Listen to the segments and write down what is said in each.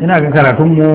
ina ga karatun mu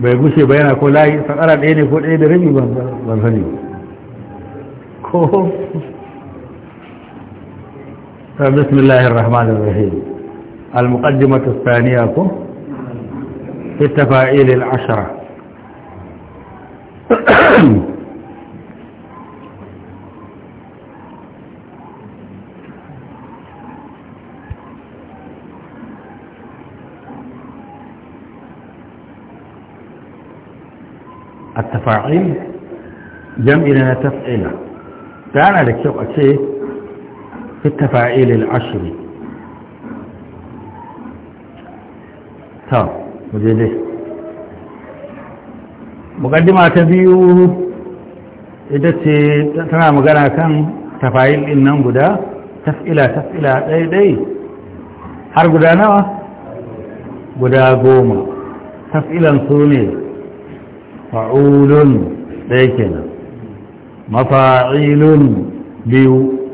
bai gushe ba yana ko layi sakara ɗaya ne ko ɗaya da rami ban sani ko ta bismillahir rahmanir rahim al muqaddimatu thaniya ko ittafa ila al التفاعيل جمعنا تفعيلة تعالى لك شوء أشيء في التفاعيل العشر طب مجيدي مقدمة تبيو إذا تنا مقرأ كان تفاعيل إنهم قدا تفعيلة تفعيلة دي دي har guda nawa guda goma tafilan su ne fa'ulun ɗaya kenan mafa'ilun biyu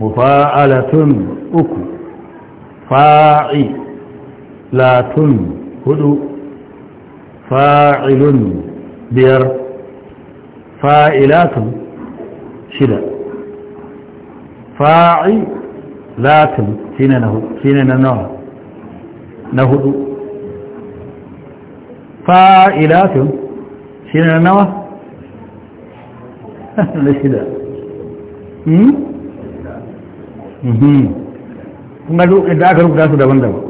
mufa'alatun uku latun hudu fa'ilun biyar fa'ilatun shida fa'ilatun shine na nawa na hudu fa'ilatun shi na nawa? na shida hmm? hmm. kuma da aka rubuta su daban-daban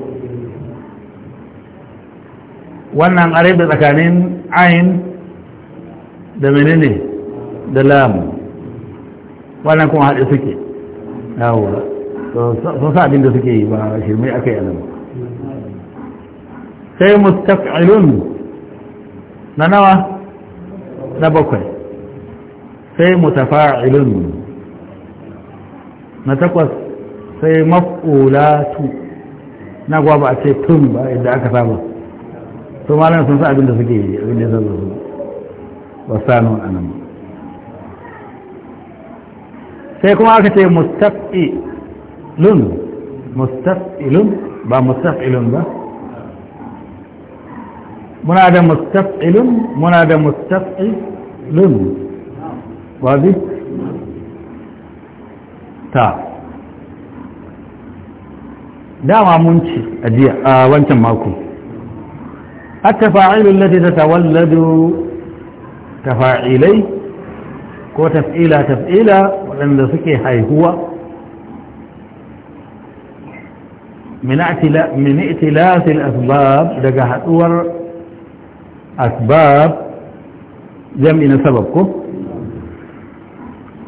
wannan arai da tsakanin ayin da menene da lamu wannan kuma haɗe suke yawo sun sa abin da suke yi ba shirme aka yi alama. sai mustafilun na nawa na bakwai sai mutafa'ilun na takwas sai maf'ulatu na gwa ba a ce tun ba idda aka saba to malam sun sa abin da suke yi abin da ya zazo su a anan sai kuma aka ce mustaf'ilun mustaf'ilun ba mustaf'ilun ba muna da mustaf'ilun muna da mustaf'ilun wazi ta dama mun ci a wancan mako التفاعيل التي تتولد تفاعيلي ko taf'ila taf'ila waɗanda suke haihuwa min itilasil asbab daga haɗuwar asbab jam'i na sabab ko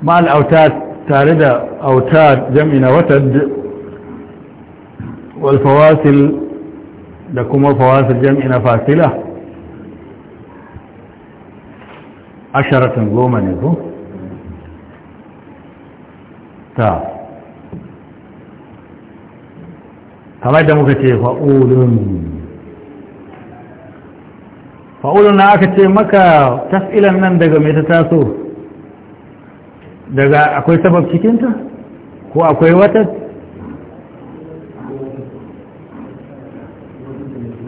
ma'al autat tare da autat jam'i na watad wal fawasil da kuma fawasil jam'i na fasila asharatun goma ne ko ta kamar da muka ce fa'ulun na aka ce maka tas'ilan nan daga mai ta taso daga akwai sabab cikinta ko akwai wata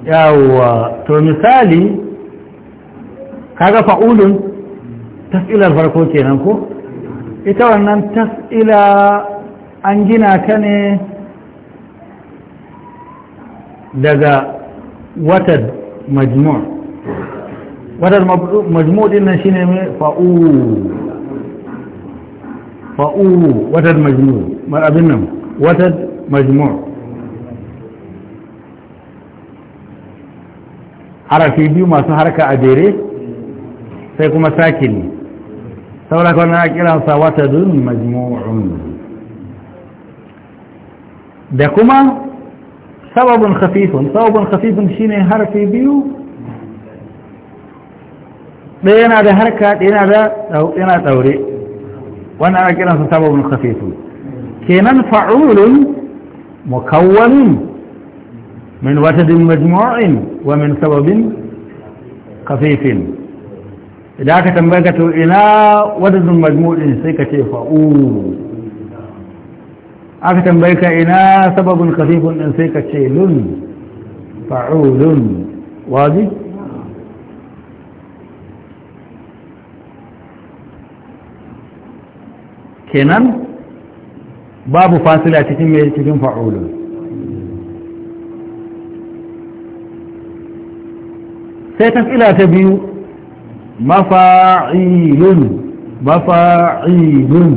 yawa to misali kaga fa'ulun tas'ilar farko kenan ko ita wannan tas'ila an gina ta ne daga watan majmur badar majmu din nan shine mai fa'u fa'u majmud majmu abin nan watar majmu harafi biyu masu harka a jere sai kuma sakini saboda kwanan kiransa wata dun majmu'un da kuma sababin khafifun sababin khafifun shine harfi biyu ɗaya yana da harka ɗaya yana da yana wannan ana kiran sa sababun khafifu kenan fa'ulun mukawwalun min watadin majmu'in wa min sababin khafifin idan aka tambaye ka to ina wadadin majmu'in sai ka ce fa'ul aka tambaye ka ina sababin khafifun din sai ka ce lun fa'ulun wazi kenan babu fasila cikin mai cikin fa'ulun sai tsila ta biyu mafa'ilun mafa'ilun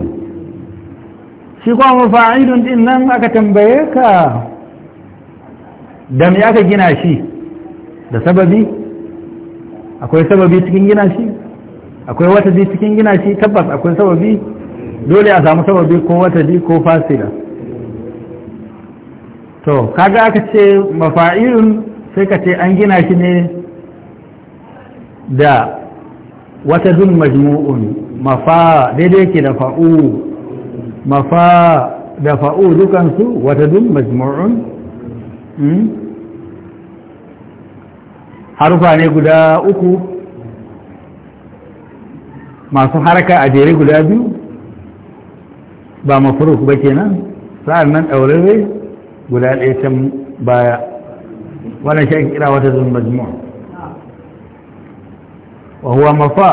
shi kuma mafa'ilun din nan aka tambaye ka da me aka gina shi da sababi akwai sababi cikin gina shi akwai wata cikin gina shi tabbas akwai sababi dole a samu sababi ko bi ko fasila to kaga aka ce mafa'ilun sai ka ce an gina shi ne da wata watadun majmu'un mafa daidai ke da fa'u mafa da fa'u dukansu wata watadun majmu'un hmm? harufa ne guda uku masu haraka a jere guda biyu ba mafruk ba kenan sa'an nan ɗaurarre guda ɗaya can baya wannan shi kira wata zun majmu'a wa huwa mafa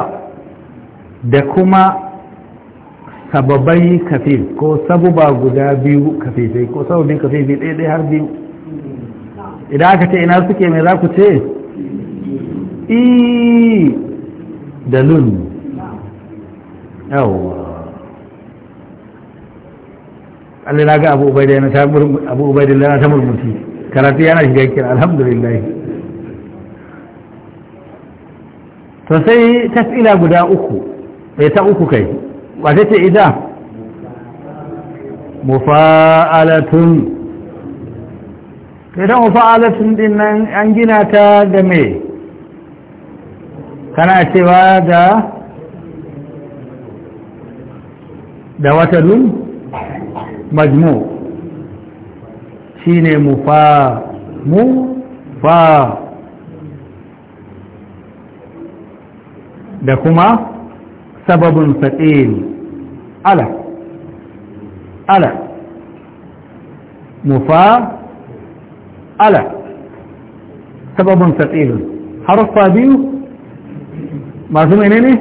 da kuma sababai kafin ko sababa guda biyu sai ko sababin kafin ɗaya ɗaya har biyu idan aka ce ina suke mai za ku ce i da lun yawwa Allah na ga Abu Ubaida yana ta Abu Ubaida yana ta murmushi karatu yana shiga kira alhamdulillah to sai tas'ila guda uku sai eh, ta uku kai wata ce idan mufa'alatun sai ta mufa'alatun din nan an gina ta da me kana cewa da da wata majmu shine mufa mu fa da kuma sababin saƙil ala ala mu fa ala sababin saƙil harfa biyu masu menene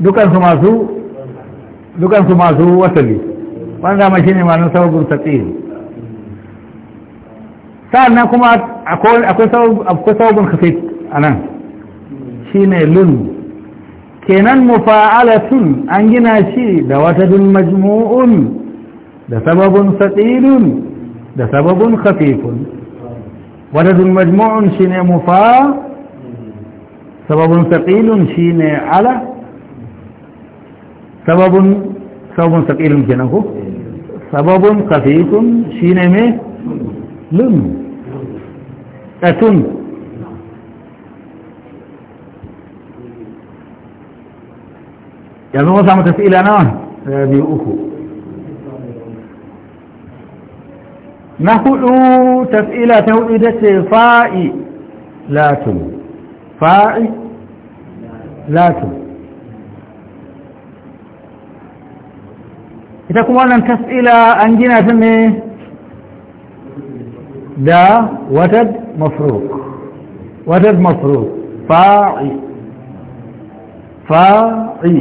dukansu masu dukansu masu wasali wanda ma shi ne malin sababin tatsiri sa'annan kuma akwai sababin kafit a nan shi ne lun kenan mufa'alatun an gina shi da wata dun majmu'un da sababin tsatsirin da sababin kafifun wata dun majmu'un shi ne mufa sababin tsatsirin shi ne ala sababun sababun sakilun kenan ko sababun kafin kafifun shine mai lum atun yanzu mun samu tafila nawa eh, biyu uku na hudu tafila ta hudu ita ce fa'i latun fa'i latun ita kuma wannan tas'ila an gina ta ne da watad mafro watad mafruq fa'i fa'i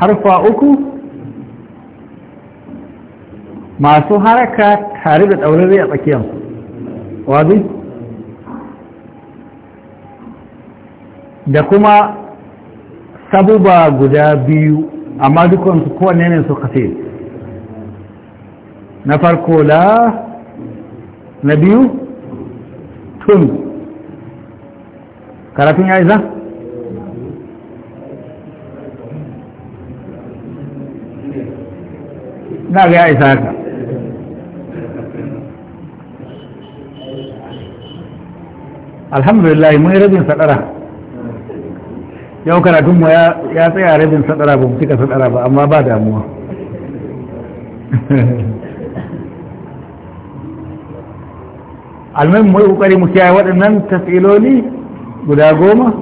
harfa uku masu haraka tare da ɗaurari a tsakiyar wazi da kuma sabuba guda biyu amma dukansu su kowanne ne su kafe na farko la na biyu tun karatun ya isa na ga ya isa haka alhamdulillah mun yi rabin sadara yau karatun mu ya tsaya rabin sadara ba mu cika sadara ba amma ba damuwa almai mu kokari mu kiyaye waɗannan tafiloli guda goma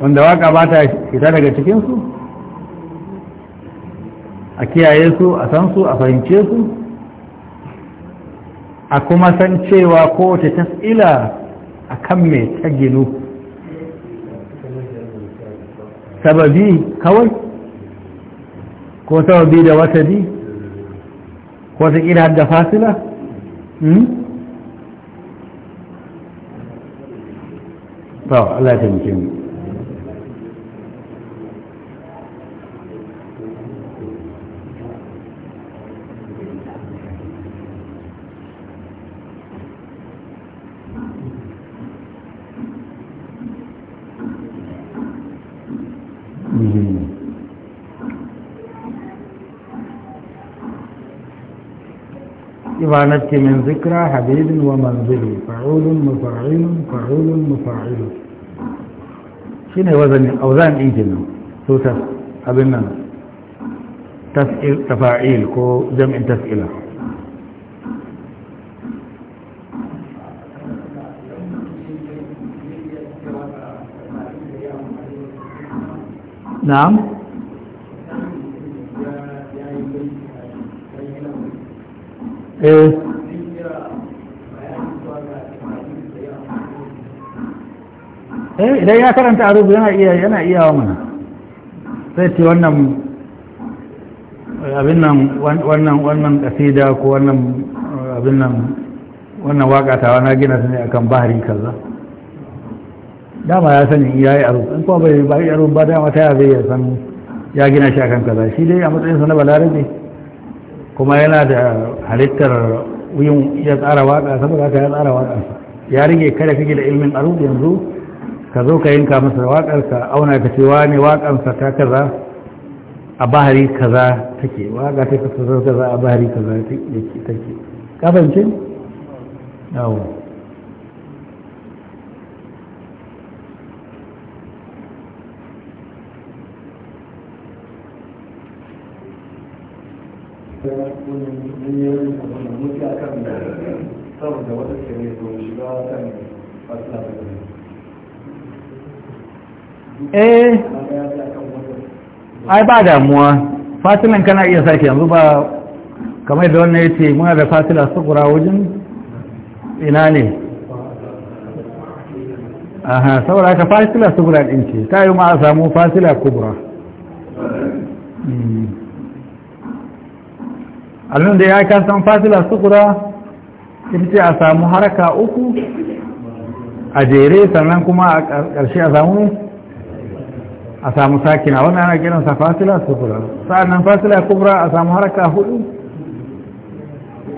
wanda waka ba ta fita daga cikinsu a kiyaye su a san su a fahimce su a kuma san cewa kowace tas'ila a kan mai ta ginu sababi kawai ko sababi da bi ko ta kira da fasila hmm? to Allah ta muke mu إذا نبكي من ذكرى حبيب منزل فعول مفعول فعول مفعول شنو وزن أوزان إنجل إيه ابن أبنا تفعيل تفاعيل کو جمع تفعيله نعم eh eh idan ya karanta arubu yana iya yana iya wa mana sai ce wannan abin nan wannan wannan kasida ko wannan abin nan wannan waka tawa na gina su ne akan bahari kaza dama ya sani ya yi arubu in kuma bai yi arubu ba dama ta yi zai ya san ya gina shi akan kaza shi dai a matsayin sa na balarabe kuma yana da halittar yin ya tsara waka saboda ka ya tsara waka ya rige kada kake da ilmin arub yanzu ka zo ka yinka masa wakar ka auna ka cewa ne wakar sa ta kaza a bahari kaza take waƙa ta kaza a bahari kaza take ce? yawo eh ai ba damuwa fatilan kana iya sake yanzu ba kamar da wannan ya ce muna da fatila kura wajen ina ne aha saboda haka fatila sukura ɗin ce ta yi ma a samu fatila kubura hmm. alun da ya kan san fasila sukura ita ce a samu haraka uku a jere sannan kuma a ƙarshe a samu a samu sakina wannan ana kiransa fasila sukura sa'annan fasila kubra a samu haraka hudu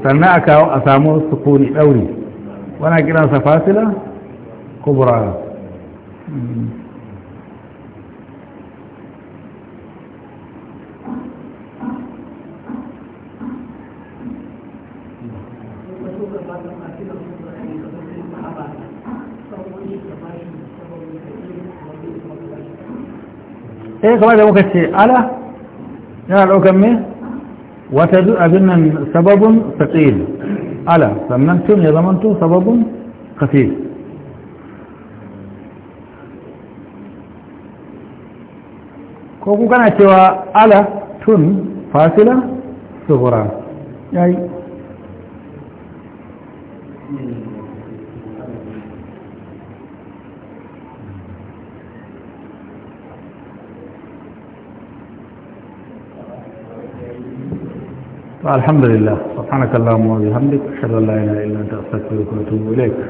sannan a kawo a samu sukuni ɗauri wana kiransa fasila kubra hmm. eh kamar da muka ce ala yana ɗaukar me wata abin nan sababin tsatsil ala sannan tun ya zamanto sababin kafir ko kun cewa ala tun fasila sugura yayi الحمد لله سبحانك اللهم وبحمدك أشهد أن لا إله إلا أنت أستغفرك وأتوب إليك